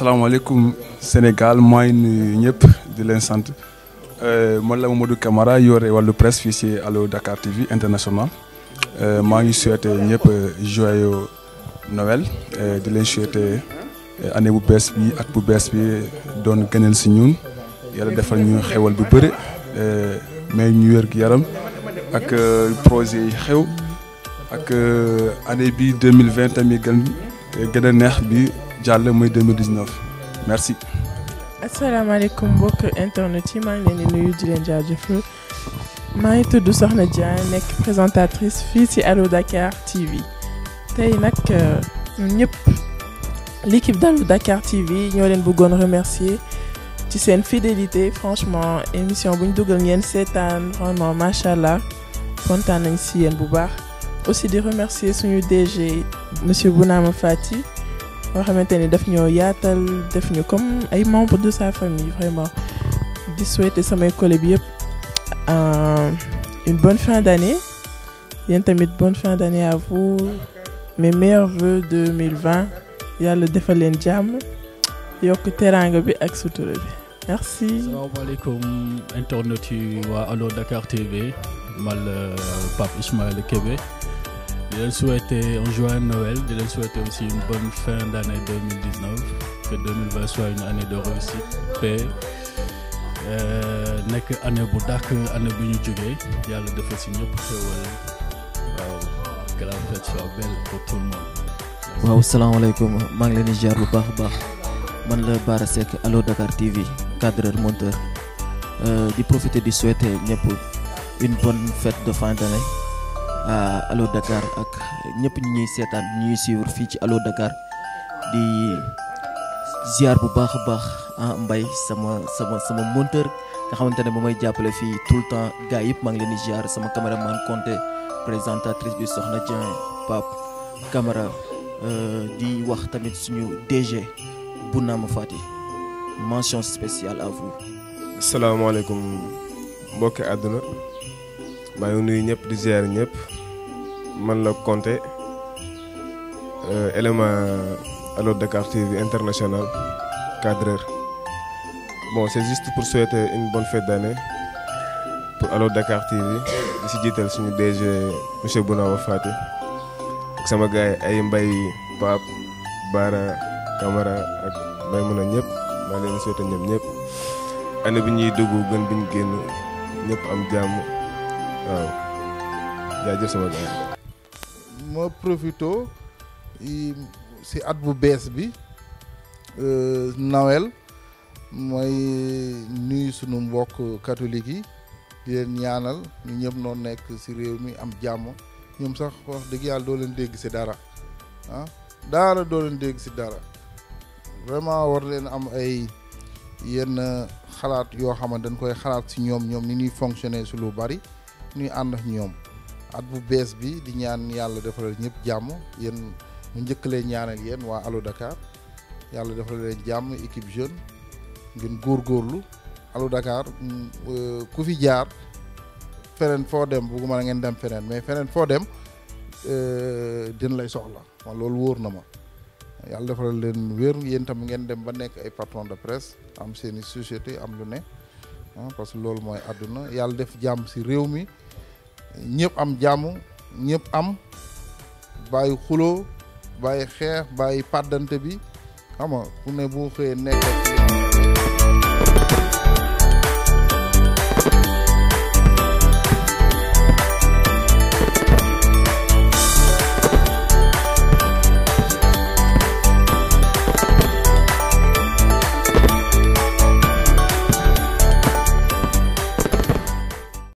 alaykum, Sénégal maa ngi nuyu ñëpp di leen euh, la Mamadou Camara yore wàllu presse fii à Allo Dakar TV international euh, maa ngi souhaité ñëpp euh, joyeux Noël De leen souhaité année bu bees bi at bu bees bi doon gënal ci ñun yàlla defal ñu xewal bu bëri mais ñu wér yaram ak projet yi xew ak année bi 2020 Ami gën gën neex bi le mois 2019 merci. internet nuyu présentatrice fii ci TV tey euh, l'équipe d'Allo Dakar TV ñoo leen remercier ci fidélité franchement émission bu ñu dugal ngeen vraiment macha allah nañ bu aussi de remercier suñu DG monsieur Bounama Fati yoo xamante ni daf ñoo yaatal def ñu comme ay membres de sa famille vraiment di souhaiter samay collègues bi yëpp une bonne fin d'année yéen tamit bonne fin d'année à vous mes meilleurs vœux 2020 yàlla defal leen jàmm yokk teranga bi ak sutura bi merci. asalaamaaleykum internautes yi waa Allo Dakar TV mal euh, Pape Ismaël Kébé. Je souhaite souhaite un joyeux Noël je souhaite souhaite aussi une bonne fin d'année 2019 que 2020 soit une année de réussite paix euh, nekk année bu année bu ñu Il y a si ñëpp pour que la fête soit belle pour tout le monde. Je suis maa ngi leen di bu baax baax man la barasek Dakar TV cadreur monteur euh, di profite di souhaiter une bonne fête de fin d'année, Eh, Allo Dakar ak ñëpp ñuy seetaan ñuy suivre fii ci Allo Dakar di ziar bu baax a baax ah mbay sama sama sama monteur nga xamante ne ba may jàppale fii tout temps ngi leen ziar sama caméraman Conté présentatrice bi Soxna Dieng pap Camara euh, di wax tamit suñu DG Bounama Fati mention spéciale à vous. asalaamaaleykum mbokki àdduna maa ngi nuyu ñëpp di ziar nyep. man la Konté euh, élément Allo Dakar TV international cadreur bon c'est juste pour souhaiter une bonne fête d'année pour Allo Dakar TV di si jiital suñu DG monsieur Bounawa Faté ak sama gars ay Mbay Pape Bara Camara ak Mbay mën a ñëpp maa leen souhaité ñoom ñëpp année bi ñuy dugg gën bi ñu génne ñëpp am jàmm waaw jaajëf sama gars ma profito si at bu bees bi euh, nawel mooy nuyu sunu mbokk catholique yi di leen ñaanal ñu ñëpp noo nekk si réew mi am jàmm ñoom sax wax dëgg yàlla doo leen dégg si dara ah daara doo leen dégg si dara vraiment war leen am ay yenn xalaat yoo xamante dañ koy xalaat si ñoom ñoom ni ñuy fonctionner su lu bari ñuy ànd ñoom at bu bees bi di ñaan yàlla defal ñëpp jàmm yéen mu njëkkalee ñaanal yéen waa Allo Dakar yàlla defal leen jàmm équipe jeune ngeen góorgóorlu Allo Dakar mm, euh, ku fi jaar feneen foo dem bugguma na ngeen dem feneen mais feneen foo dem euh, lay soxla na ma yàlla defal leen wér yéen tam ngeen dem ba nekk ay patron de presse am seeni société am lu ne ah, parce que loolu mooy àdduna yàlla def si réew mi ñëpp am jàmm ñépp am bàyyi xuloo bàyyi xeex bàyyi pàddante bi xam nga ku ne boo xëyee nekk